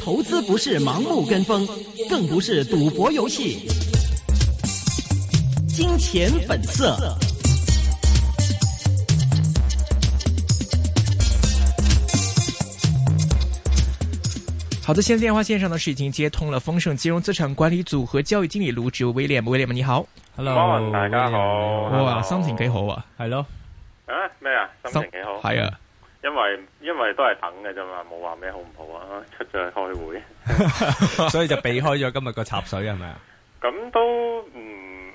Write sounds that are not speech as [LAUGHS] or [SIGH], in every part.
投資不是盲目跟風，更不是賭博遊戲。金錢本色。im par al im par al 好的，現在電話綫上呢是已經接通了豐盛金融資產管理組合交易經理盧志威 William，William，你好，hello，大家好，哇，心情幾好啊，hello，啊咩啊，心情幾好，係啊。因為因為都係等嘅啫嘛，冇話咩好唔好啊，出咗去開會， [LAUGHS] [LAUGHS] 所以就避開咗今日個插水係咪啊？咁 [LAUGHS] 都唔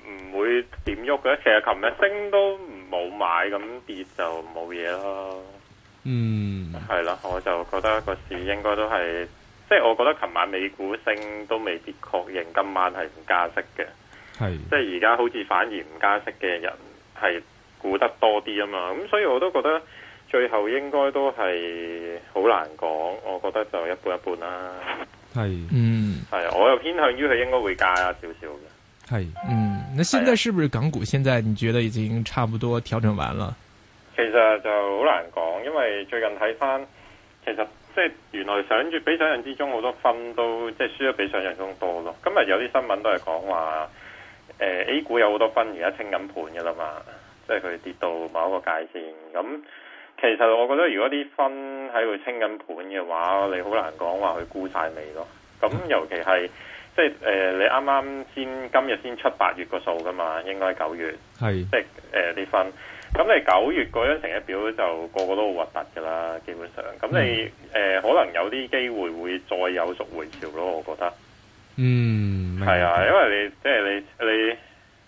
唔會點喐嘅，其實琴日升都冇買，咁跌就冇嘢咯。嗯，係啦，我就覺得個市應該都係，即係我覺得琴晚美股升都未必確認今晚係唔加息嘅，係，即係而家好似反而唔加息嘅人係估得多啲啊嘛，咁所以我都覺得。最後應該都係好難講，我覺得就一半一半啦。係，嗯，係，我又偏向於佢應該會介下少少嘅。係，嗯，那現在是不是港股？現在你覺得已經差不多調整完了？其實就好難講，因為最近睇翻，其實即係原來想月比想像之中好多分都即係輸得比想像中多咯。今日有啲新聞都係講話，誒，呃，A 股有好多分而家清緊盤噶啦嘛，即係佢跌到某一個界線咁。其實我覺得，如果啲分喺度清緊盤嘅話，你好難講話佢沽晒未咯。咁尤其係即係誒、呃，你啱啱先今日先出八月個數噶嘛，應該九月係是即係誒啲分。咁你九月嗰張成績表就個個都好核突噶啦，基本上。咁你誒、嗯呃、可能有啲機會會再有贖回潮咯，我覺得。嗯，係啊，因為你即係你你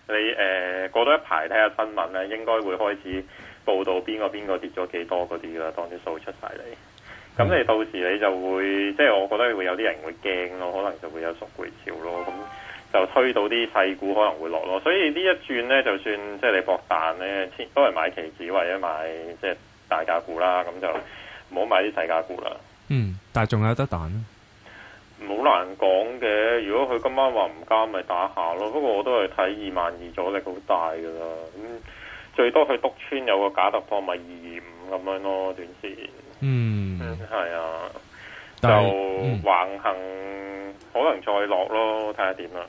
你誒、呃、過多一排睇下新聞咧，應該會開始。報道邊個邊個跌咗幾多嗰啲啦，當啲數出晒嚟，咁你到時你就會，即係我覺得會有啲人會驚咯，可能就會有贖回潮咯，咁就推到啲細股可能會落咯，所以呢一轉呢，就算即係你搏彈呢，都係買期指或者買即係大價股啦，咁就唔好買啲細價股啦。嗯，但係仲有得彈咧，好難講嘅。如果佢今晚話唔加，咪打下咯。不過我都係睇二萬二阻力好大噶啦。嗯最多去篤村有個假突破咪二二五咁樣咯，短線。嗯，係、嗯、啊，是就橫行可能再落咯，睇下點啦。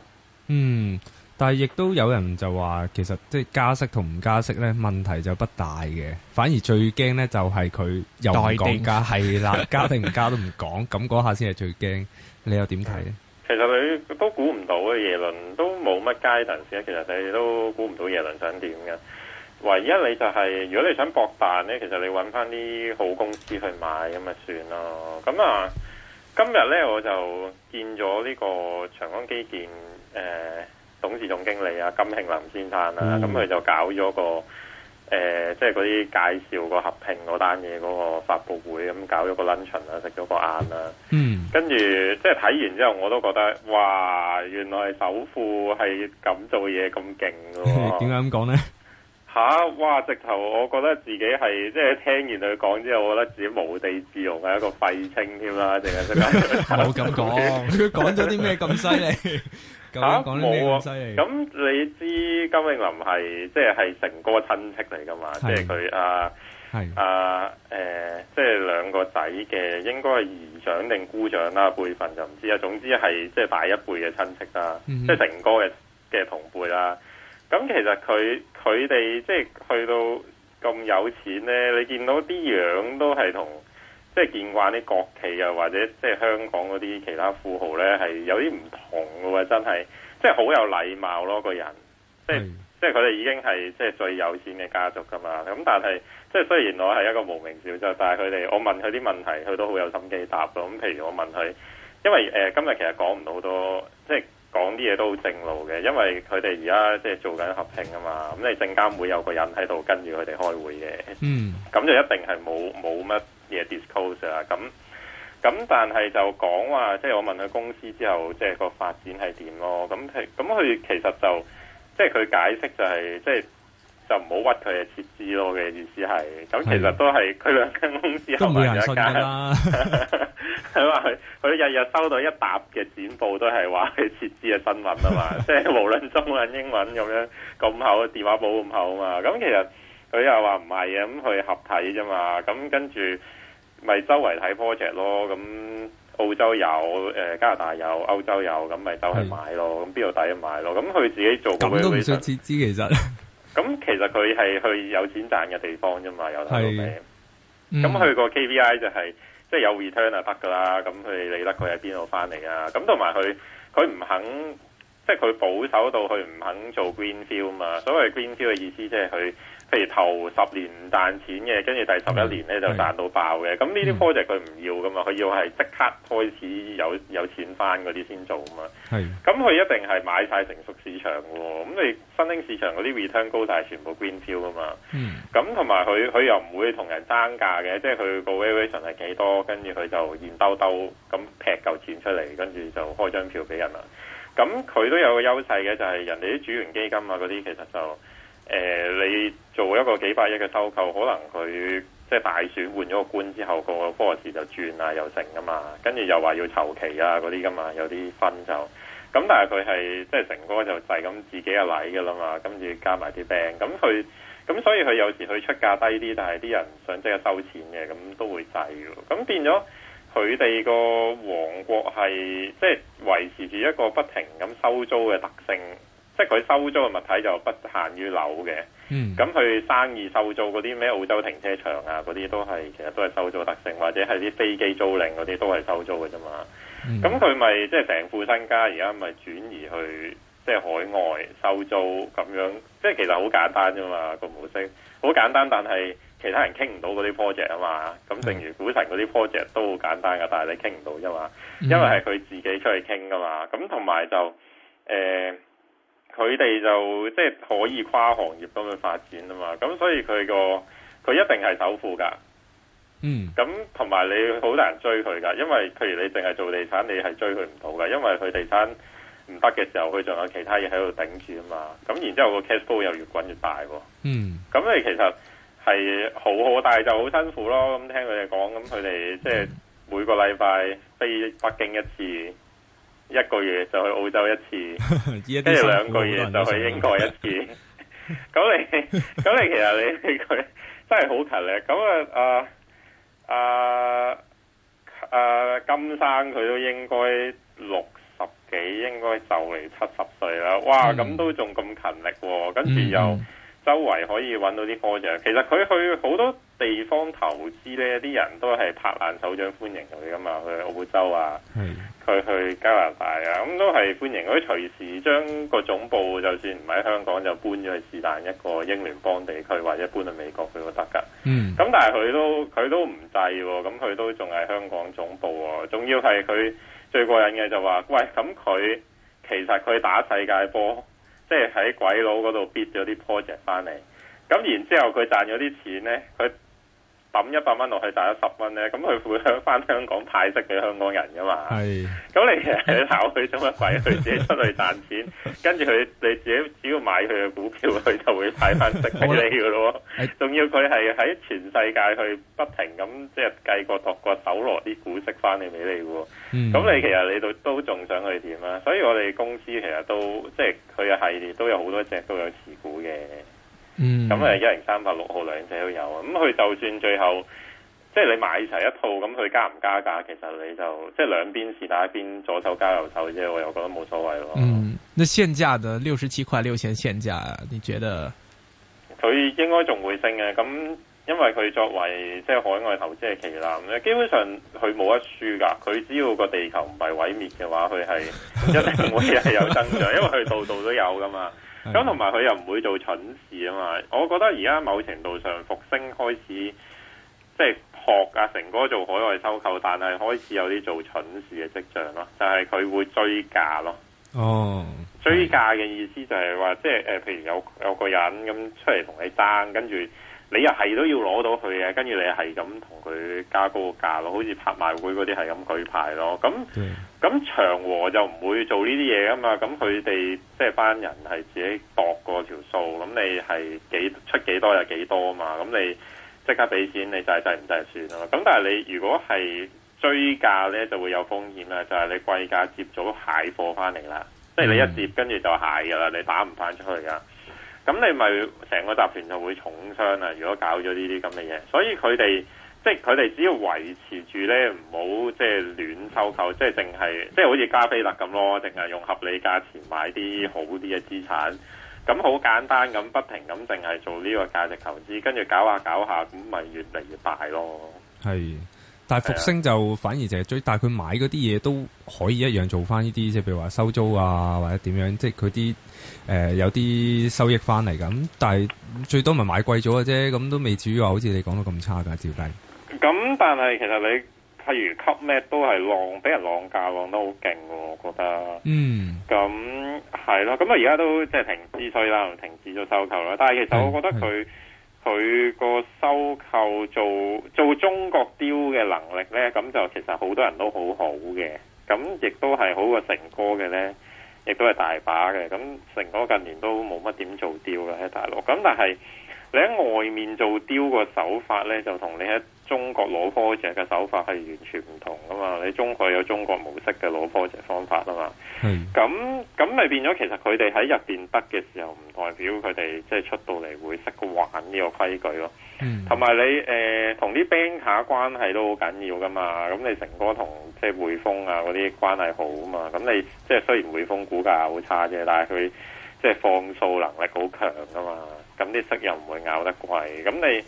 嗯，但係亦都有人就話，其實即係加息同唔加息咧，問題就不大嘅。反而最驚咧就係佢又唔講價，係啦，加，啊、 [LAUGHS] 加定唔加都唔講，咁嗰下先係最驚。你又點睇咧？其實佢都估唔到嘅耶倫都冇乜階段時。其實你都估唔到，到耶倫想點嘅。唯一你就係、是，如果你想博大呢，其實你揾翻啲好公司去買咁咪算咯。咁啊，今日呢，我就見咗呢個長江基建誒、呃、董事總經理啊金慶林先生啦，咁、啊、佢、嗯嗯、就搞咗個誒即係嗰啲介紹合評、那個合併嗰單嘢嗰個發佈會，咁搞咗個 lunch 啦，食咗個晏啦。嗯，跟住即係睇完之後，我都覺得哇，原來首富係咁做嘢咁勁嘅喎。點解咁講呢？吓！哇、啊！直頭，我覺得自己係即係聽完佢講之後，我覺得自己無地自容，係一個廢青添啦，淨係識冇咁講，佢講咗啲咩咁犀利？吓冇 [LAUGHS] 啊！咁、 [LAUGHS] 啊、你知金永林係即係係成哥親戚嚟噶嘛？即係佢啊，係阿誒，即係兩個仔嘅，應該姨丈定姑丈啦、啊，輩份就唔知啊。總之係即係大一輩嘅親戚啦、啊，即係、嗯、哼成哥嘅嘅同輩啦、啊。咁其實佢佢哋即係去到咁有錢呢，你見到啲樣都係同即係見慣啲國企又或者即係香港嗰啲其他富豪呢，係有啲唔同嘅喎，真係即係好有禮貌咯個人，即係即係佢哋已經係即係最有錢嘅家族㗎嘛。咁但係即係雖然我係一個無名小卒，但係佢哋我問佢啲問題，佢都好有心機答嘅。咁、嗯、譬如我問佢，因為、呃、今日其實講唔到好多即係。講啲嘢都好正路嘅，因為佢哋而家即係做緊合併啊嘛，咁你證監會有個人喺度跟住佢哋開會嘅，咁就一定係冇冇乜嘢 disclosure 啦。咁咁但係就講話、就是，即係我問佢公司之後，即係個發展係點咯？咁咁佢其實就即係佢解釋就係、是、即係。就唔好屈佢嘅撤資咯嘅意思係，咁其實都係佢兩間公司合埋一間啦。佢話佢佢日日收到一沓嘅剪報，都係話佢撤資嘅新聞啊嘛。 [LAUGHS] 即係無論中文英文咁樣咁厚嘅電話簿咁厚啊嘛。咁其實佢又話唔係啊，咁佢合體啫嘛。咁跟住咪周圍睇 project 咯。咁澳洲有，誒加拿大有，歐洲有，咁咪都去買咯。咁邊度抵買咯？咁佢自己做咁都唔想撤資其實。 [LAUGHS] 咁其實佢係去有錢賺嘅地方啫嘛，有得做嘅。咁去個 KPI 就係、是、即係有 return 就得噶啦。咁佢理得佢喺邊度翻嚟啊？咁同埋佢佢唔肯，即係佢保守到佢唔肯做 greenfield 嘛。所謂 greenfield 嘅意思即係佢。譬如頭十年唔賺錢嘅，跟住第十一年咧就賺到爆嘅。咁呢啲 project 佢唔要噶嘛，佢、嗯、要係即刻開始有有錢翻嗰啲先做啊嘛。係、嗯。咁佢一定係買晒成熟市場嘅喎。咁你新興市場嗰啲 return 高，但全部邊票啊嘛。嗯。咁同埋佢佢又唔會同人爭價嘅，即係佢個 valuation 係幾多，跟住佢就現兜兜咁劈嚿錢出嚟，跟住就開張票俾人。咁佢都有個優勢嘅，就係人哋啲主權基金啊嗰啲，其實就。誒、呃，你做一個幾百億嘅收購，可能佢即係大選換咗個官之後，個波士就轉啦，又成噶嘛，跟住又話要籌期啊嗰啲噶嘛，有啲分就咁，但係佢係即係成哥就係咁自己嘅禮噶啦嘛，跟住加埋啲病，咁佢咁所以佢有時佢出價低啲，但係啲人想即刻收錢嘅，咁都會制咯，咁變咗佢哋個王國係即係維持住一個不停咁收租嘅特性。即係佢收租嘅物體就不限於樓嘅，咁佢，嗯、生意收租嗰啲咩澳洲停車場啊，嗰啲都係其實都係收租特性，或者係啲飛機租賃嗰啲都係收租嘅啫嘛。咁佢咪即係成副身家而家咪轉移去即係、就是、海外收租咁樣，即係其實好簡單啫嘛個模式，好簡單，但係其他人傾唔到嗰啲 project 啊嘛。咁正如股神嗰啲 project 都好簡單噶，但係你傾唔到啫嘛，因為係佢自己出去傾噶嘛。咁同埋就誒。呃佢哋就即係可以跨行業咁去發展啊嘛，咁所以佢個，佢一定係首富噶。嗯。咁同埋你好難追佢噶，因為譬如你淨係做地產，你係追佢唔到噶，因為佢地產唔得嘅時候，佢仲有其他嘢喺度頂住啊嘛。咁然之後個 cash flow 又越滾越大喎。嗯。咁你其實係好好，但係就好辛苦咯。咁聽佢哋講，咁佢哋即係每個禮拜飛北京一次。一個月就去澳洲一次，跟住 [MUSIC] 兩個月就去英國一次。咁 [LAUGHS] 你咁你 [LAUGHS] [LAUGHS] 其實你佢 [LAUGHS] 真係好勤力。咁啊啊啊金生佢都應該六十幾，應該就嚟七十歲啦。哇！咁、嗯、都仲咁勤力、啊，跟住又周圍可以揾到啲科長。其實佢去好多。地方投資呢啲人都係拍爛手掌歡迎佢噶嘛，去澳洲啊，佢是的 去加拿大啊，咁、嗯、都係歡迎。佢隨時將個總部就算唔喺香港，就搬咗去是但一個英聯邦地區，或者搬去美國佢都得噶。咁、嗯、但係佢都佢都唔制喎，咁佢都仲係香港總部喎、哦。仲要係佢最過癮嘅就話、是，喂，咁佢其實佢打世界波，即係喺鬼佬嗰度 bid 咗啲 project 翻嚟，咁然之後佢賺咗啲錢呢。佢。抌一百蚊落去賺咗十蚊咧，咁佢會返香港派息俾香港人噶嘛？係咁是你其實考佢做乜鬼，佢 [LAUGHS] 自己出去賺錢，跟住佢你自己只要買佢嘅股票，佢就會派翻息俾你噶咯。仲 [LAUGHS] 的要佢係喺全世界去不停咁即係計過度過搜羅啲股息翻嚟俾你喎。咁、嗯、你其實你都都仲想去點啊？所以我哋公司其實都即係佢嘅系列都有好多隻都有持股嘅。咁啊，一零三八六號兩者都有啊。咁佢就算最後即係你買齊一套，咁佢加唔加價，其實你就即係兩邊是但一邊左手加右手啫。我又覺得冇所謂咯。嗯，那現價的六十七塊六千現價，你覺得佢應該仲會升嘅？咁因為佢作為即係海外投資嘅旗艦咧，基本上佢冇得輸噶。佢只要個地球唔係毀滅嘅話，佢係一定會係有增長， [LAUGHS] 因為佢度度都有噶嘛。咁同埋佢又唔會做蠢事啊嘛！我覺得而家某程度上，復星開始即係學阿成哥做海外收購，但係開始有啲做蠢事嘅跡象、就係、咯。就係佢會追價咯。哦，追價嘅意思就係話，即係、呃、譬如有有個人咁出嚟同你爭，跟住。你又係都要攞到佢嘅，跟住你係咁同佢加高個價咯，好似拍賣會嗰啲係咁舉牌咯。咁咁、嗯、長和就唔會做呢啲嘢啊嘛。咁佢哋即係班人係自己度過條數，咁你係幾出幾多就幾多啊嘛。咁你即刻俾錢，你就係制唔制就算咯。咁但係你如果係追價呢，就會有風險啦。就係、是、你貴價接咗蟹貨翻嚟啦，嗯、即係你一接跟住就蟹噶啦，你打唔翻出去噶。咁你咪成個集團就會重傷啦！如果搞咗呢啲咁嘅嘢，所以佢哋即係佢哋只要維持住咧，唔好即係亂收購，即係淨係即係好似加菲特咁咯，淨係用合理價錢買啲好啲嘅資產，咁好簡單咁不停咁淨係做呢個價值投資，跟住搞下搞下，咁咪越嚟越大咯。係。但係復星就反而就係最大，佢買嗰啲嘢都可以一樣做翻呢啲，即係譬如話收租啊，或者點樣，即係佢啲誒有啲收益翻嚟㗎。咁但係最多咪買貴咗嘅啫，咁都未至於話好似你講到咁差㗎，照計。咁但係其實你譬如吸咩都係浪，俾人浪價浪得好勁㗎，我覺得。嗯。咁係咯，咁啊而家都即係停止催啦，停止咗收購啦。但係其實我覺得佢。佢個收購做做中國雕嘅能力呢，咁就其實好多人都好都好嘅，咁亦都係好過成哥嘅呢，亦都係大把嘅，咁成哥近年都冇乜點做雕喇喺大陸，咁但係。你喺外面做 deal 嘅手法咧，就同你喺中國攞 project 嘅手法係完全唔同噶嘛？你中國有中國模式嘅攞 project 方法啊嘛。咁咁咪變咗，其實佢哋喺入邊得嘅時候，唔代表佢哋即係出到嚟會識玩呢個規矩咯。嗯，同埋你誒同啲 bank 卡、er、關係都好緊要噶嘛。咁你成哥同即係匯豐啊嗰啲關係好啊嘛。咁你即係雖然匯豐股價好差啫，但係佢即係放數能力好強噶嘛。咁啲息又唔會咬得貴，咁你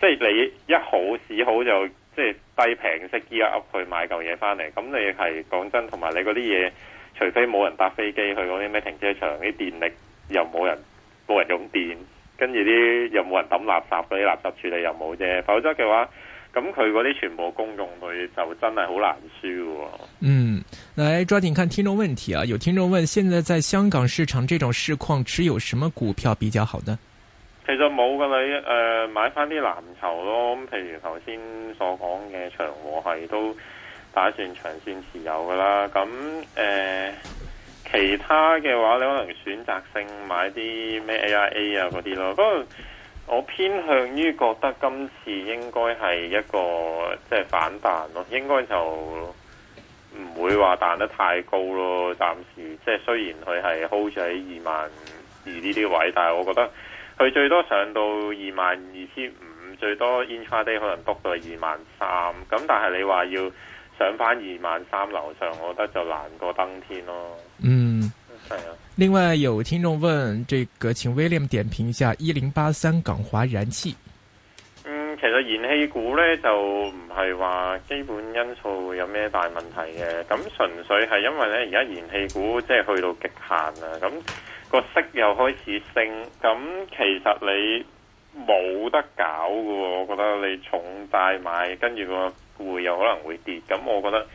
即係你一好市好就即係低平息啲入去買嚿嘢翻嚟，咁你係講真，同埋你嗰啲嘢，除非冇人搭飛機去嗰啲咩停車場，啲電力又冇人冇人用電，跟住啲又冇人抌垃圾，嗰啲垃圾處理又冇啫。否則嘅話，咁佢嗰啲全部公用佢就真係好難輸喎。嗯，嚟抓緊看聽眾問題啊！有聽眾問：現在在香港市場這種市況，持有什麼股票比較好呢？其實冇嘅你誒買翻啲藍籌咯，咁譬如頭先所講嘅長和係都打算長線持有嘅啦。咁、嗯、誒、呃、其他嘅話，你可能選擇性買啲咩 AIA 啊嗰啲咯。不過我偏向於覺得今次應該係一個即係反彈咯，應該就唔會話彈得太高咯。暫時即係雖然佢係 hold 住喺二萬二呢啲位，但係我覺得。佢最多上到二萬二千五，最多 intra day 可能 book 到二萬三，咁但係你話要上翻二萬三樓上，我覺得就難過登天咯。嗯，係啊，另外有聽眾問，這個請 William 點評一下一零八三港華燃氣。嗯，其實燃氣股呢，就唔係話基本因素有咩大問題嘅，咁純粹係因為呢，而家燃氣股即係去到極限啊。咁。個息又開始升，咁其實你冇得搞嘅，我覺得你重大買，跟住個匯又可能會跌，咁我覺得誒、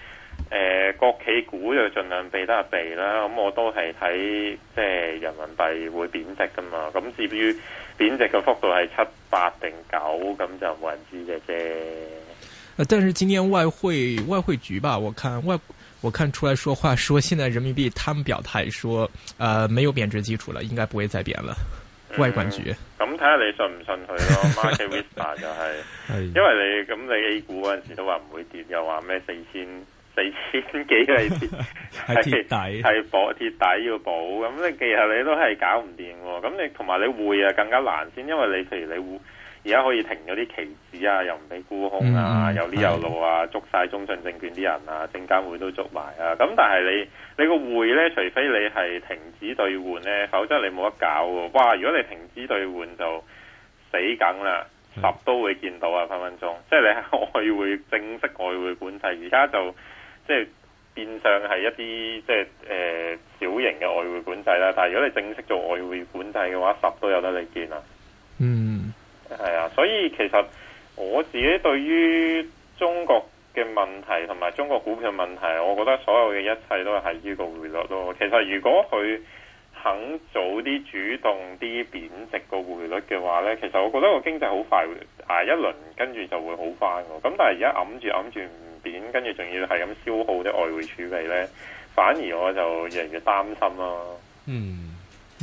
呃、國企股就盡量避得避啦。咁我都係睇即係人民幣會貶值噶嘛，咁至於貶值嘅幅度係七八定九，咁就冇人知嘅啫。姐姐但係今天外匯外匯局吧，我看外。我看出來說話，說現在人民幣，他們表態說，呃，沒有貶值基礎了，應該不會再貶了。嗯、外管局咁睇下你信唔信佢咯，market whisper [LAUGHS] 就係，是，因為你咁你 A 股嗰陣時都話唔會跌，又話咩四千四千幾嚟跌，係 [LAUGHS] 鐵底，係保鐵底要保，咁你其實你都係搞唔掂，咁你同埋你會啊更加難先，因為你譬如你會。而家可以停咗啲期指啊，又唔俾沽空啊，又呢又路啊，捉晒中信證券啲人啊，證監會都捉埋啊。咁但係你你個匯咧，除非你係停止兌換呢，否則你冇得搞喎。哇！如果你停止兌換就死梗啦，十都會見到啊，是的 分分鐘，即係你係外匯正式外匯管制，而家就即係變相係一啲即係誒、呃、小型嘅外匯管制啦。但係如果你正式做外匯管制嘅話，十都有得你見啊。嗯。係啊，所以其實我自己對於中國嘅問題同埋中國股票問題，我覺得所有嘅一切都係呢個匯率咯。其實如果佢肯早啲主動啲貶值個匯率嘅話呢，其實我覺得個經濟好快捱一輪，跟住就會好翻嘅。咁但係而家揞住揞住唔貶，跟住仲要係咁消耗啲外匯儲備呢，反而我就越嚟越擔心咯。嗯。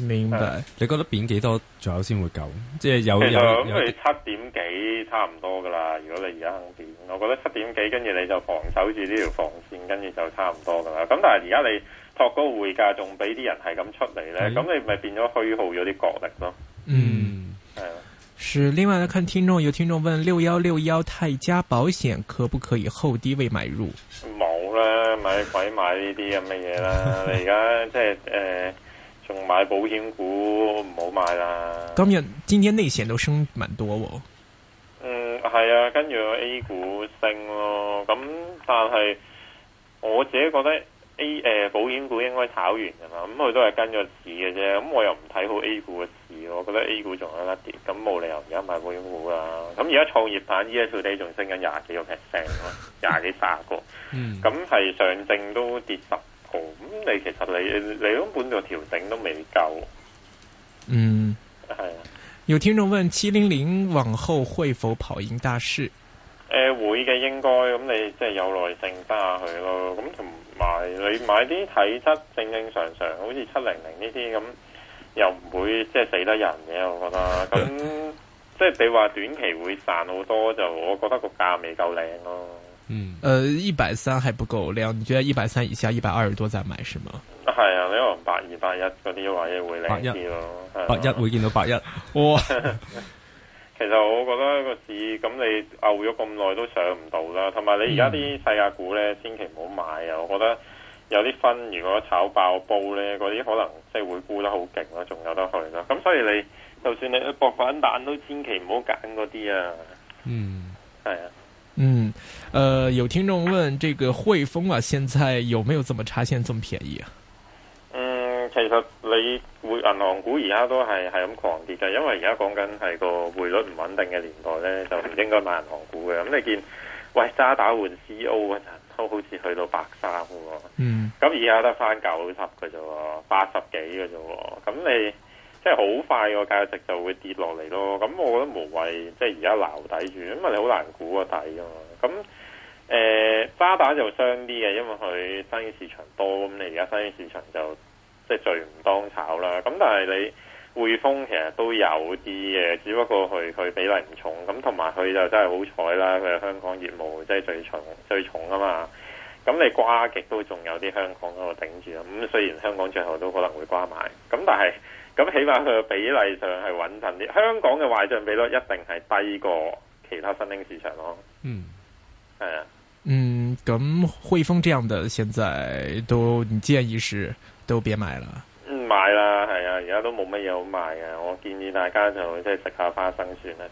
明白， [NOISE] 你覺得貶幾多仲有先會夠？即係有你有因為七點幾差唔多噶啦。如果你而家肯貶，我覺得七點幾，跟住你就防守住呢條防線，跟住就差唔多噶啦。咁但係而家你托高匯價，仲俾啲人係咁出嚟咧，咁你咪變咗虛耗咗啲角力咯。嗯，係啦是的。是另外咧，看聽眾有聽眾問：六幺六幺泰加保險可不可以候低位買入？冇啦， [NOISE] 買鬼買呢啲咁嘅嘢啦！ [LAUGHS] 你而家即係誒。呃仲買保險股唔好買啦。今日，今天內線都升蠻多。嗯，係啊，跟住 A 股升咯。咁但係我自己覺得 A 誒、呃、保險股應該炒完噶啦。咁、嗯、佢都係跟咗市嘅啫。咁、嗯、我又唔睇好 A 股嘅市，我覺得 A 股仲有得跌。咁冇理由而家買保險股啦。咁而家創業板 ETF 仲升緊廿幾個 percent 咯，廿幾卅個。 [LAUGHS] 嗯。咁係上證都跌十。咁你其實你你根本度調整都未夠，嗯係啊。有聽眾問七零零往後會否跑贏大市？誒、呃、會嘅應該咁、嗯、你即係有耐性揸下去咯。咁同埋你買啲體質正正常常，好似七零零呢啲咁，又唔會即係死得人嘅、啊。我覺得咁、嗯、 [LAUGHS] 即係你話短期會賺好多就，我覺得個價未夠靚咯。嗯，呃，一百三還不夠靚，你覺得一百三以下一百二十多再買是嗎？啊係啊，你可能八二八一嗰啲話要會靚啲咯，係八一會見到八一哇。其實我覺得個市咁你牛咗咁耐都上唔到啦，同埋你而家啲世界股咧，千祈唔好買啊！我覺得有啲分，如果炒爆煲咧，嗰啲可能即係會沽得好勁咯，仲有得去咯。咁所以你就算你搏反彈都千祈唔好揀嗰啲啊。嗯，係、嗯、啊，嗯。誒、呃，有聽眾問，這個匯豐啊，現在有沒有這麼差，先這麼便宜啊？嗯，其實你匯銀行股而家都係係咁狂跌嘅，因為而家講緊係個匯率唔穩定嘅年代咧，就唔應該買銀行股嘅。咁、嗯、你見，喂，渣打換 CEO 嗰陣，都好似去到百三喎，嗯，咁而家得翻九十嘅啫，八十幾嘅啫，咁你即係好快個價值就會跌落嚟咯。咁我覺得無謂，即係而家撈底住，因為你啊你好難估個底㗎嘛，咁。誒花、欸、打就傷啲嘅，因為佢新興市場多，咁、嗯、你而家新興市場就即係最唔當炒啦。咁、嗯、但係你匯豐其實都有啲嘅，只不過佢佢比例唔重，咁同埋佢就真係好彩啦。佢香港業務即係最重最重啊嘛。咁、嗯、你瓜極都仲有啲香港嗰度頂住，咁、嗯、雖然香港最後都可能會瓜埋，咁、嗯、但係咁、嗯、起碼佢比例上係穩陣啲。香港嘅壞賬比率一定係低過其他新興市場咯。嗯，係啊。嗯，咁匯豐這樣的現在都，你建議是都別買了。唔買啦，係啊，而家都冇乜嘢好買啊。我建議大家就即係食下花生算啦。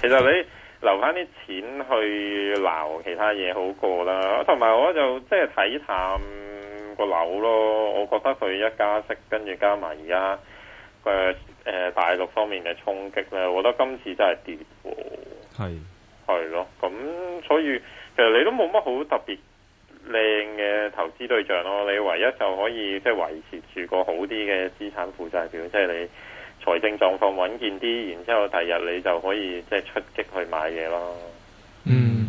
其實你留翻啲錢去撈其他嘢好過啦。同埋我就即係睇淡個樓咯。我覺得佢一家息，跟住加埋而家誒誒大陸方面嘅衝擊咧，我覺得今次真係跌。係。係咯，咁所以其實你都冇乜好特別靚嘅投資對象咯。你唯一就可以即係維持住個好啲嘅資產負債表，即係你財政狀況穩健啲，然之後第日你就可以即係出擊去買嘢咯。嗯，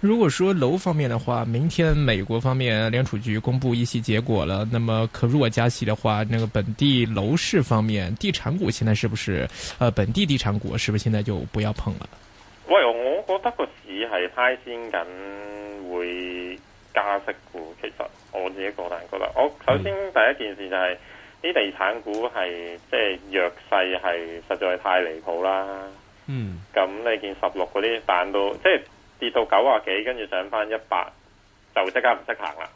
如果說樓方面的話，明天美國方面聯儲局公布議息結果了，那麼可如果加息的話，那個本地樓市方面，地產股現在是不是？呃，本地地產股是不是現在就不要碰了？喂，我覺得個市係派先緊，會加息嘅。其實我自己個人覺得，我首先第一件事就係、是、啲、嗯、地產股係即係弱勢係實在係太離譜啦。嗯，咁、嗯、你見十六嗰啲彈到即係跌到九啊幾，跟住上返一百，就即刻唔識行啦。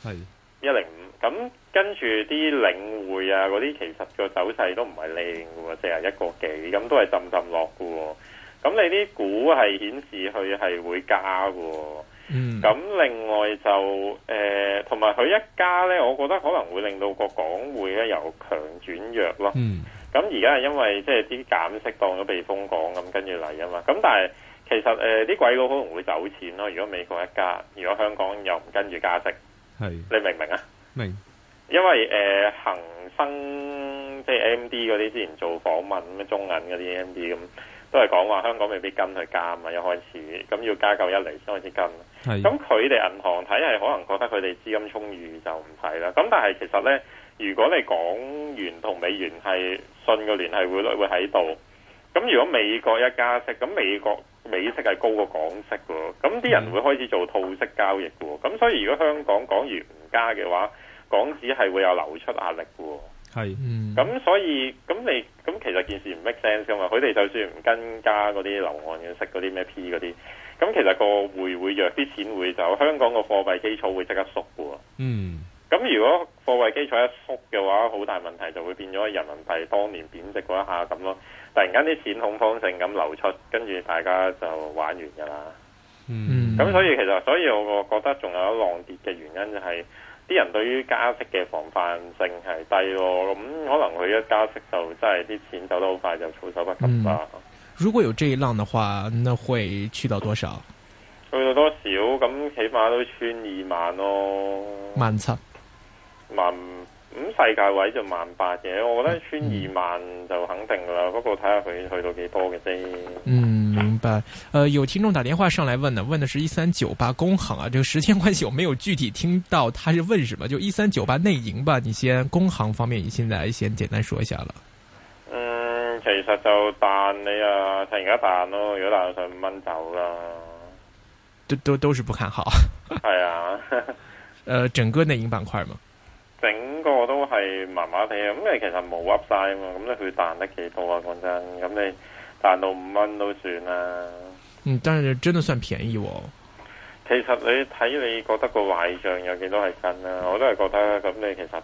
係一零五，咁跟住啲領匯啊嗰啲，其實個走勢都唔係靚嘅喎，淨係一個幾，咁都係浸浸落嘅喎。咁你啲股係顯示佢係會加嘅、哦，咁、嗯、另外就誒同埋佢一加咧，我覺得可能會令到個港匯咧由強轉弱咯。咁而家係因為即係啲減息當咗避風港咁跟住嚟啊嘛。咁但係其實誒啲、呃、鬼佬可能會走錢咯。如果美國一加，如果香港又唔跟住加息，係是你明唔明啊？明白，因為誒、呃、恒生即係 M D 嗰啲之前做訪問咩中銀嗰啲 M D 咁。都係講話香港未必跟佢加嘛，一開始咁要加夠一厘先開始跟。咁佢哋銀行睇係可能覺得佢哋資金充裕就唔係啦。咁但係其實呢，如果你港元同美元係信嘅聯繫匯率會喺度，咁如果美國一加息，咁美國美息係高過港息嘅，咁啲人會開始做套息交易嘅。咁所以如果香港港元唔加嘅話，港紙係會有流出壓力嘅。係，咁、嗯、所以咁你咁其實件事唔 make sense 噶嘛，佢哋就算唔跟加嗰啲流岸嘅，識嗰啲咩 P 嗰啲，咁其實個匯會弱啲，錢會走，香港個貨幣基礎會即刻縮嘅喎。嗯，咁如果貨幣基礎一縮嘅話，好大問題就會變咗人民幣當年貶值嗰一下咁咯。突然間啲錢恐慌性咁流出，跟住大家就玩完㗎啦。嗯，咁、嗯、所以其實所以我覺得仲有一浪跌嘅原因就係、是。啲人對於加息嘅防範性係低咯，咁、嗯、可能佢一加息就真係啲錢走得好快，就措手不及啦、嗯。如果有這一浪嘅話，那會去到多少？去到多少？咁起碼都穿二萬咯，層萬七萬咁世界位就萬八嘅。我覺得穿二萬就肯定啦，不過睇下佢去到幾多嘅啫。嗯。明白，誒、呃，有聽眾打電話上來問呢，問的是一三九八工行啊，這個時間關係我沒有具體聽到，他是問什麼，就一三九八內銀吧，你先工行方面你，你現在先簡單說一下啦。嗯，其實就彈你啊，趁而家彈咯，如果彈就唔穩走啦、啊。都都都是不看好。係。 [LAUGHS] 是啊，誒 [LAUGHS] 、呃，整個內銀板塊嘛，整個都係麻麻地啊，咁你其實冇 up 晒啊嘛，咁你佢彈得幾多啊？講真，咁你。賺到五蚊都算啦，嗯，但係真係算便宜喎，哦。其實你睇你覺得個壞賬有幾多係真啦，嗯，我都係覺得咁你其實，誒、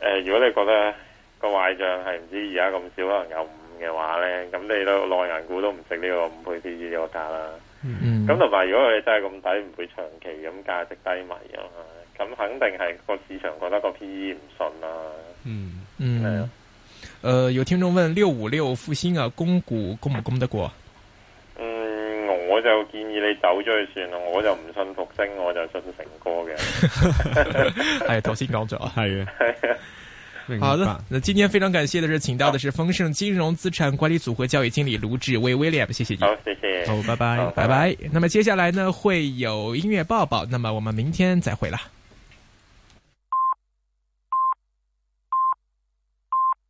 呃，如果你覺得個壞賬係唔知而家咁少可能有五嘅話咧，咁你都內銀股都唔值呢個五倍 P E 呢個價啦。嗯，咁同埋如果佢真係咁抵，唔會長期咁價值低迷啊嘛，咁肯定係個市場覺得個 P E 唔順啦。嗯嗯。係啊。誒、呃，有聽眾問六五六復星啊，供股供唔供得過？嗯，我就建議你走咗去算啦，我就唔信復星，我就信成哥嘅。係頭先講咗，係啊，係啊。 [NOISE] 好的，那今天非常感謝的是，請到的是豐、oh. 盛金融資產管理組合交易經理盧志威 William，謝謝你，oh, thanks. 好，謝謝，好，拜拜，拜拜。那麼接下來呢，會有音樂爆爆，那麼我們明天再會啦。